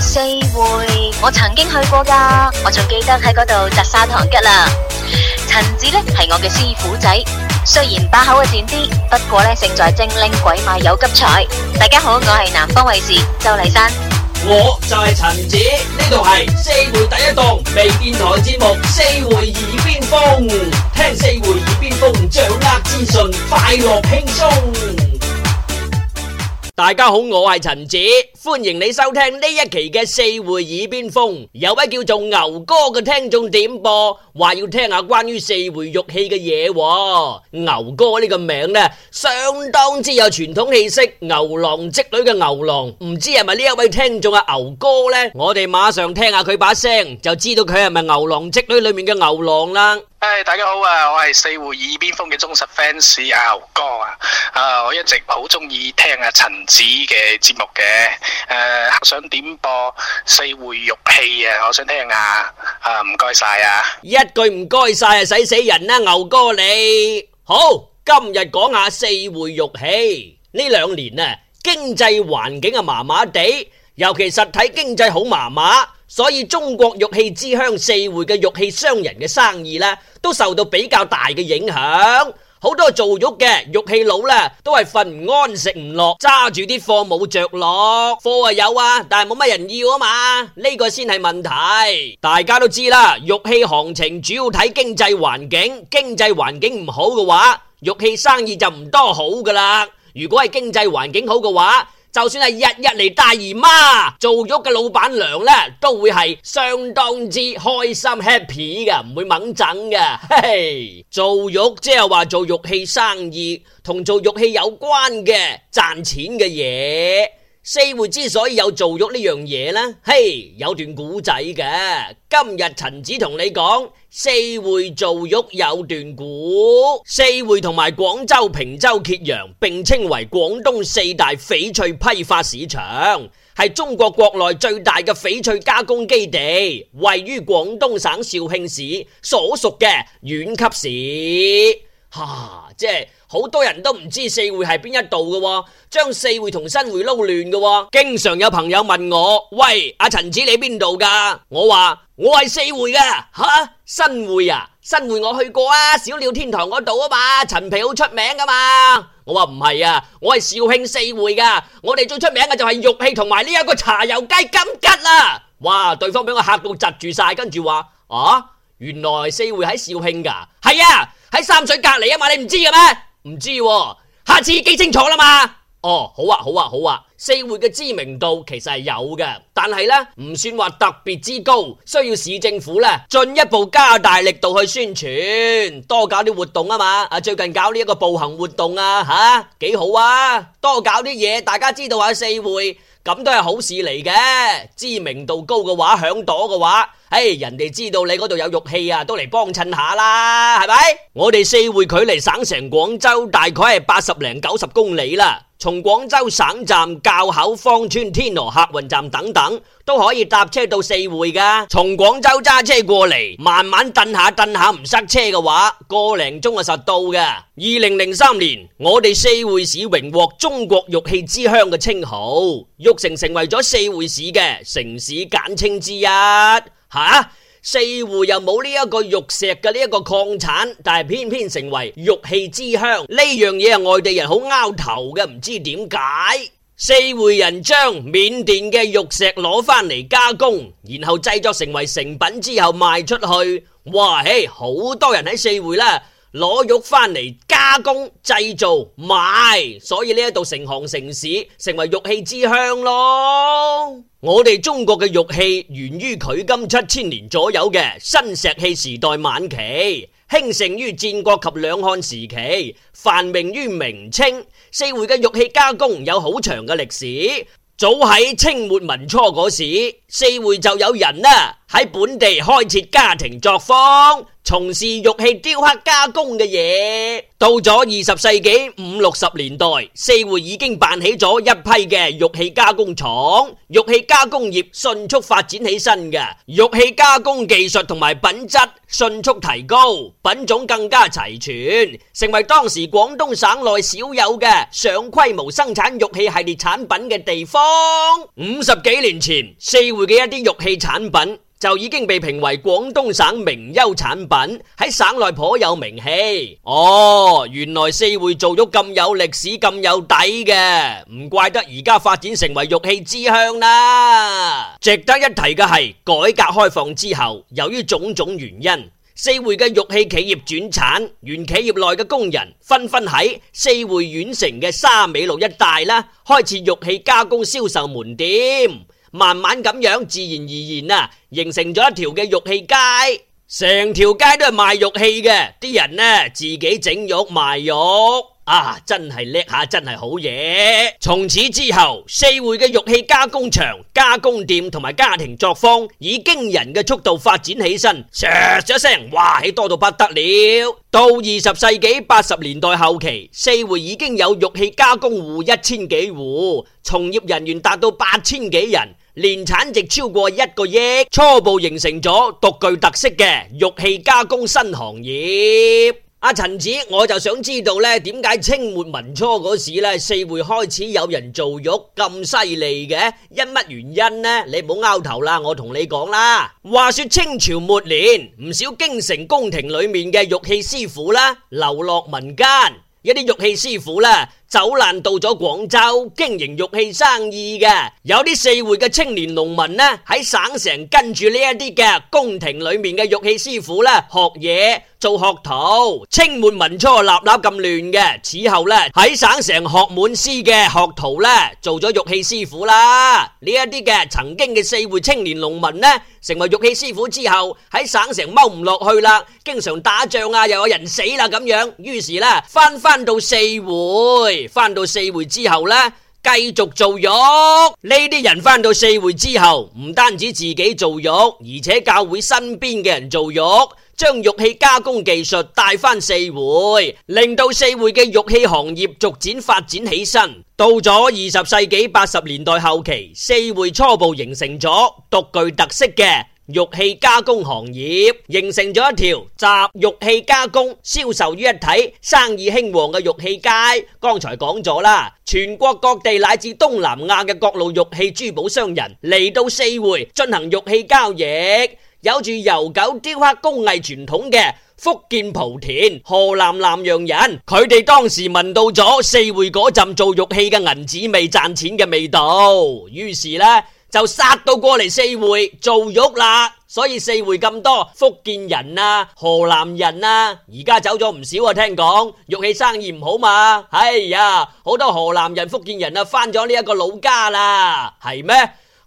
四會，我曾經去過噶，我仲記得喺嗰度摘砂糖桔啦。陳子呢係我嘅師傅仔，雖然把口嘅賤啲，不過呢勝在精靈鬼馬有急才。大家好，我係南方衛視周麗珊，我就係陳子，呢度係四會第一檔微電台節目《四會耳邊風》，聽四會耳邊風，掌握資訊，快樂輕鬆。大家好，我係陳子，歡迎你收聽呢一期嘅四會耳邊風。有位叫做牛哥嘅聽眾點播，話要聽下關於四會玉器嘅嘢。牛哥呢個名咧，相當之有傳統氣息。牛郎織女嘅牛郎，唔知係咪呢一位聽眾嘅牛哥呢？我哋馬上聽下佢把聲，就知道佢係咪牛郎織女裏面嘅牛郎啦。唉，大家好啊！我係四會耳邊風嘅忠實 fans 啊，牛哥啊，啊，我一直好鍾意聽啊陳子嘅節目嘅，誒，想點播四會玉器啊，我想聽下，啊，唔該晒啊，一句唔該晒啊，使死人啦。牛哥你好，今日講下四會玉器，呢兩年啊，經濟環境啊麻麻地，尤其實體經濟好麻麻。所以中國玉器之鄉四會嘅玉器商人嘅生意呢，都受到比較大嘅影響。好多做玉嘅玉器佬呢，都係瞓唔安食唔落，揸住啲貨冇着落。貨啊有啊，但係冇乜人要啊嘛。呢個先係問題。大家都知啦，玉器行情主要睇經濟環境。經濟環境唔好嘅話，玉器生意就唔多好㗎喇。如果係經濟環境好嘅話，就算係日日嚟大姨媽做玉嘅老闆娘呢，都會係相當之開心 happy 噶，唔會掹整噶。嘿,嘿，做玉即係話做玉器生意同做玉器有關嘅賺錢嘅嘢。四會之所以有做玉呢樣嘢呢？嘿、hey，有段古仔嘅。今日陳子同你講四會做玉有段古。四會同埋廣州平洲揭陽並稱為廣東四大翡翠批發市場，係中國國內最大嘅翡翠加工基地，位於廣東省肇慶市所屬嘅縣級市。哈。即係好多人都唔知四會係邊一度嘅、喎，將四會同新會撈亂嘅、喎。經常有朋友問我：，喂，阿、啊、陳子你邊度噶？我話我係四會噶，吓新會啊？新會、啊、我去過啊，小鳥天堂嗰度啊嘛，陳皮好出名噶嘛。我話唔係啊，我係肇慶四會噶。我哋最出名嘅就係玉器同埋呢一個茶油雞金桔啦、啊。哇！對方俾我嚇到窒住晒，跟住話：，啊，原來四會喺肇慶噶，係啊。喺三水隔籬啊嘛，你唔知嘅咩？唔知、啊，下次記清楚啦嘛。哦，好啊，好啊，好啊。四會嘅知名度其實係有嘅，但係咧唔算話特別之高，需要市政府咧進一步加大力度去宣傳，多搞啲活動啊嘛。啊，最近搞呢一個步行活動啊，吓幾好啊，多搞啲嘢，大家知道下、啊、四會。咁都係好事嚟嘅，知名度高嘅話，響度嘅話，誒，人哋知道你嗰度有玉器啊，都嚟幫襯下啦，係咪？我哋四會距離省城廣州大概係八十零九十公里啦。從廣州省站、滘口、芳村、天河客運站等等都可以搭車到四會噶。從廣州揸車過嚟，慢慢等下等下唔塞車嘅話，個零鐘就實到噶。二零零三年，我哋四會市榮獲中國玉器之鄉嘅稱號，玉城成為咗四會市嘅城市簡稱之一。吓！四會又冇呢一個玉石嘅呢一個礦產，但係偏偏成為玉器之鄉，呢樣嘢係外地人好拗頭嘅，唔知點解。四會人將緬甸嘅玉石攞返嚟加工，然後製作成為成品之後賣出去，哇嘿，好多人喺四會啦。攞玉翻嚟加工製造賣，所以呢度成行成市，成為玉器之鄉咯。 我哋中國嘅玉器源於距今七千年左右嘅新石器時代晚期，興盛於戰國及兩漢時期，繁榮於明清。四會嘅玉器加工有好長嘅歷史，早喺清末民初嗰時。四會就有人啦，喺本地開設家庭作坊，從事玉器雕刻加工嘅嘢。到咗二十世紀五六十年代，四會已經辦起咗一批嘅玉器加工廠，玉器加工業迅速發展起身嘅，玉器加工技術同埋品質迅速提高，品種更加齊全，成為當時廣東省內少有嘅上規模生產玉器系列產品嘅地方。五十幾年前，四會。佢嘅一啲玉器產品就已經被評為廣東省名優產品，喺省內頗有名氣。哦，原來四會做咗咁有歷史、咁有底嘅，唔怪得而家發展成為玉器之鄉啦。值得一提嘅係，改革開放之後，由於種種原因，四會嘅玉器企業轉產，原企業內嘅工人紛紛喺四會縣城嘅沙尾路一帶啦，開設玉器加工銷售門店。慢慢咁樣，自然而然啊，形成咗一條嘅玉器街，成條街都係賣玉器嘅，啲人呢，自己整玉賣玉，啊，真係叻下，真係好嘢！從此之後，四會嘅玉器加工場、加工店同埋家庭作坊以驚人嘅速度發展起身，唰咗一聲，哇，起多到不得了！到二十世紀八十年代後期，四會已經有玉器加工戶一千幾戶，從業人員達到八千幾人。年產值超過一個億，初步形成咗獨具特色嘅玉器加工新行業。阿、啊、陳子，我就想知道呢，點解清末民初嗰時呢，四會開始有人做玉咁犀利嘅？因乜原因呢？你唔好拗頭啦，我同你講啦。話說清朝末年，唔少京城宮廷裏面嘅玉器師傅啦，流落民間，一啲玉器師傅啦。走難到咗廣州經營玉器生意嘅，有啲四會嘅青、青年農民呢，喺省城跟住呢一啲嘅宮廷裏面嘅玉器師傅呢學嘢做學徒。清末民初立立咁亂嘅，此後呢喺省城學滿師嘅學徒呢做咗玉器師傅啦。呢一啲嘅曾經嘅四會青年農民呢，成為玉器師傅之後喺省城踎唔落去啦，經常打仗啊又有人死啦咁樣，於是呢翻翻到四會。翻到四會之後呢，繼續做玉。呢啲人翻到四會之後，唔單止自己做玉，而且教會身邊嘅人做玉，將玉器加工技術帶翻四會，令到四會嘅玉器行業逐漸發展起身。到咗二十世紀八十年代後期，四會初步形成咗獨具特色嘅。玉器加工行業形成咗一條集玉器加工、銷售於一體、生意興旺嘅玉器街。剛才講咗啦，全國各地乃至東南亞嘅各路玉器珠寶商人嚟到四會進行玉器交易。有住悠久雕刻工藝傳統嘅福建莆田、河南南陽人，佢哋當時聞到咗四會嗰陣做玉器嘅銀紙味、賺錢嘅味道，於是呢，就殺到過嚟四會做玉啦，所以四會咁多福建人啊、河南人啊，而家走咗唔少啊。聽講玉器生意唔好嘛，哎呀，好多河南人、福建人啊，返咗呢一個老家啦，係咩？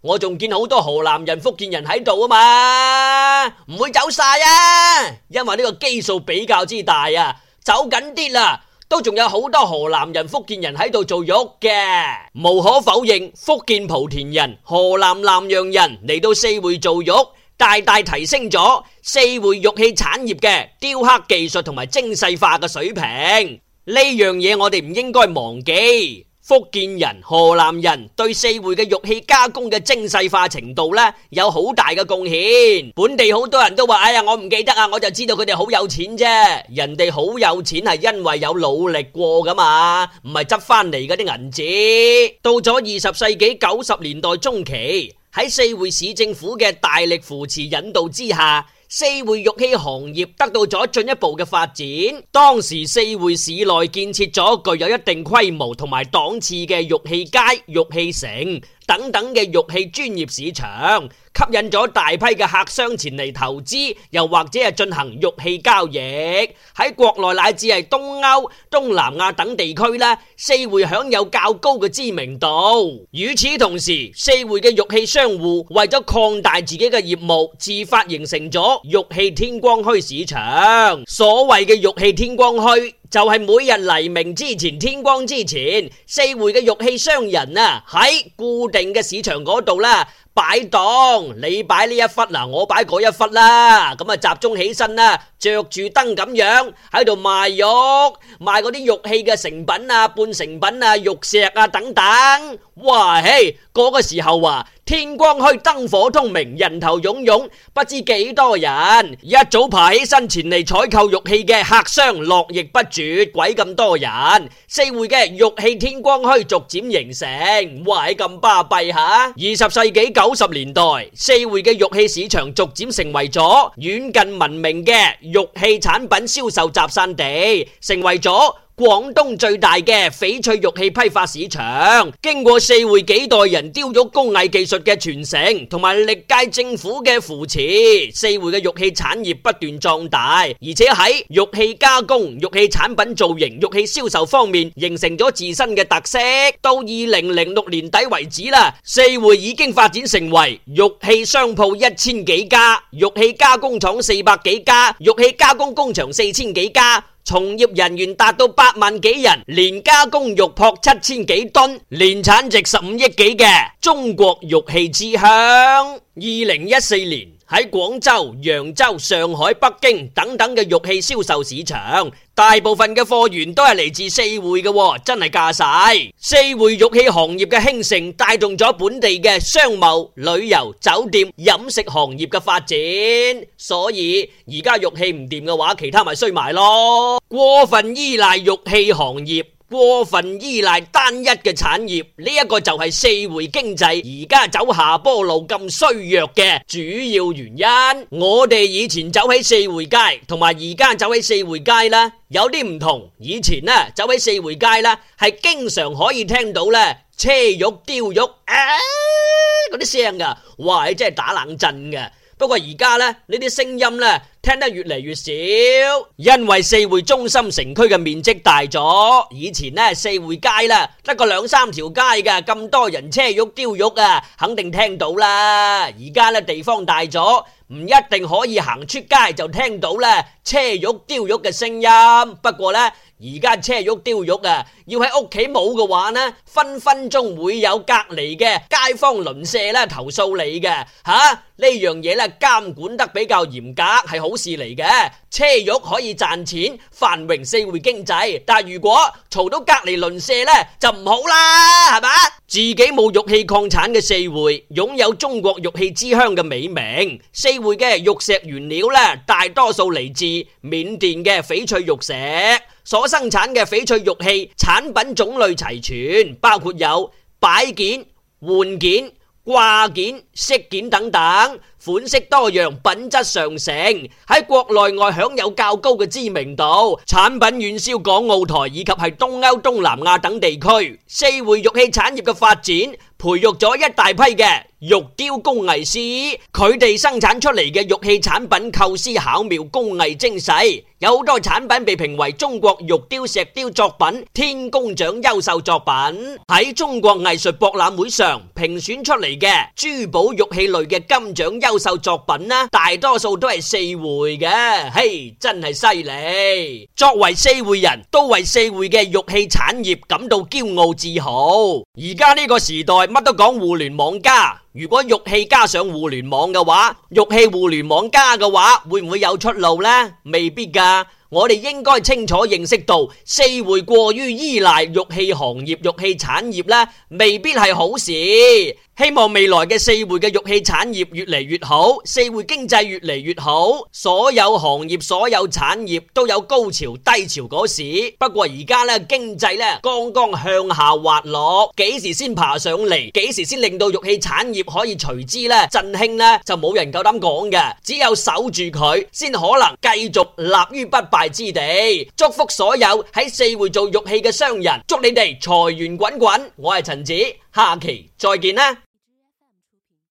我仲見好多河南人、福建人喺度啊嘛，唔會走晒啊，因為呢個基數比較之大啊，走緊啲啦。都仲有好多河南人、福建人喺度做玉嘅，無可否認，福建莆田人、河南南陽人嚟到四會做玉，大大提升咗四會玉器產業嘅雕刻技術同埋精細化嘅水平，呢樣嘢我哋唔應該忘記。福建人、河南人對四會嘅玉器加工嘅精細化程度呢，有好大嘅貢獻。本地好多人都話：「哎呀，我唔記得啊，我就知道佢哋好有錢啫。人哋好有錢係因為有努力過噶嘛，唔係執返嚟嗰啲銀子。到咗二十世紀九十年代中期，喺四會市政府嘅大力扶持引導之下。四會玉器行業得到咗進一步嘅發展，當時四會市內建設咗具有一定規模同埋檔次嘅玉器街、玉器城。等等嘅玉器專業市場，吸引咗大批嘅客商前嚟投資，又或者係進行玉器交易。喺國內乃至係東歐、東南亞等地區咧，四會享有較高嘅知名度。與此同時，四會嘅玉器商戶為咗擴大自己嘅業務，自發形成咗玉器天光墟市場。所謂嘅玉器天光墟。就係每日黎明之前，天光之前，四會嘅玉器商人啊，喺固定嘅市場嗰度啦。擺檔，你擺呢一忽嗱，我擺嗰一忽啦，咁啊集中起身啦，着住燈咁樣喺度賣玉，賣嗰啲玉器嘅成品啊、半成品啊、玉石啊等等。哇嘿，嗰個時候啊，天光墟，燈火通明，人頭涌涌，不知幾多人，一早爬起身前嚟採購玉器嘅客商絡繹不絕，鬼咁多人。四會嘅玉器天光墟逐漸形成，哇，咁巴閉吓。二十世紀九。九十年代，四會嘅玉器市場逐漸成為咗遠近聞名嘅玉器產品銷售集散地，成為咗廣東最大嘅翡翠玉器批發市場，經過四會幾代人雕玉工藝技術嘅傳承，同埋歷屆政府嘅扶持，四會嘅玉器產業不斷壯大，而且喺玉器加工、玉器產品造型、玉器銷售方面形成咗自身嘅特色。到二零零六年底為止啦，四會已經發展成為玉器商鋪一千幾家，玉器加工廠四百幾家，玉器加工工場四千幾家。從業人員達到八萬幾人，年加工玉坯七千幾噸，年產值十五億幾嘅中國玉器之鄉，二零一四年。喺廣州、揚州、上海、北京等等嘅玉器銷售市場，大部分嘅貨源都係嚟自四會嘅，真係架勢。四會玉器行業嘅興盛，帶動咗本地嘅商貿、旅遊、酒店、飲食行業嘅發展。所以而家玉器唔掂嘅話，其他咪衰埋咯。過分依賴玉器行業。過分依賴單一嘅產業，呢、這、一個就係四會經濟而家走下坡路咁衰弱嘅主要原因。我哋以前走喺四會街，同埋而家走喺四會街啦，有啲唔同。以前啦，走喺四會街啦，係經常可以聽到咧車玉、雕玉嗰啲聲噶，哇，真係打冷震噶。不過而家咧，呢啲聲音咧。聽得越嚟越少，因為四會中心城區嘅面積大咗。以前咧四會街啦，得個兩三條街嘅，咁多人車玉雕玉啊，肯定聽到啦。而家咧地方大咗，唔一定可以行出街就聽到啦車玉雕玉嘅聲音。不過咧，而家車玉雕玉啊，要喺屋企冇嘅話呢，分分鐘會有隔籬嘅街坊鄰舍咧投訴你嘅。吓呢樣嘢咧監管得比較嚴格，係好。事嚟嘅，車玉可以賺錢繁榮四會經濟，但如果嘈到隔籬鄰舍呢，就唔好啦，係嘛？自己冇玉器礦產嘅四會，擁有中國玉器之鄉嘅美名。四會嘅玉石原料呢，大多數嚟自緬甸嘅翡翠玉石，所生產嘅翡翠玉器產品種類齊全，包括有擺件、玩件。掛件、飾件等等，款式多樣，品質上乘，喺國內外享有較高嘅知名度。產品遠銷港澳台以及係東歐、東南亞等地區。四會玉器產業嘅發展，培育咗一大批嘅。玉雕工藝師，佢哋生產出嚟嘅玉器產品構思巧妙，工藝精細，有好多產品被評為中國玉雕石雕作品天工獎優秀作品。喺中國藝術博覽會上評選出嚟嘅珠寶玉器類嘅金獎優秀作品呢，大多數都係四會嘅，嘿，hey，真係犀利。作為四會人，都為四會嘅玉器產業感到驕傲自豪。而家呢個時代，乜都講互聯網加。如果玉器加上互聯網嘅話，玉器互聯網加嘅話，會唔會有出路呢？未必㗎，我哋應該清楚認識到，四會過於依賴玉器行業、玉器產業咧，未必係好事。希望未來嘅四會嘅玉器產業越嚟越好，四會經濟越嚟越好。所有行業、所有產業都有高潮、低潮嗰時。不過而家咧經濟咧剛剛向下滑落，幾時先爬上嚟？幾時先令到玉器產業可以隨之呢？振興呢就冇人夠膽講嘅，只有守住佢，先可能繼續立於不敗之地。祝福所有喺四會做玉器嘅商人，祝你哋財源滾滾。我係陳子，下期再見啦。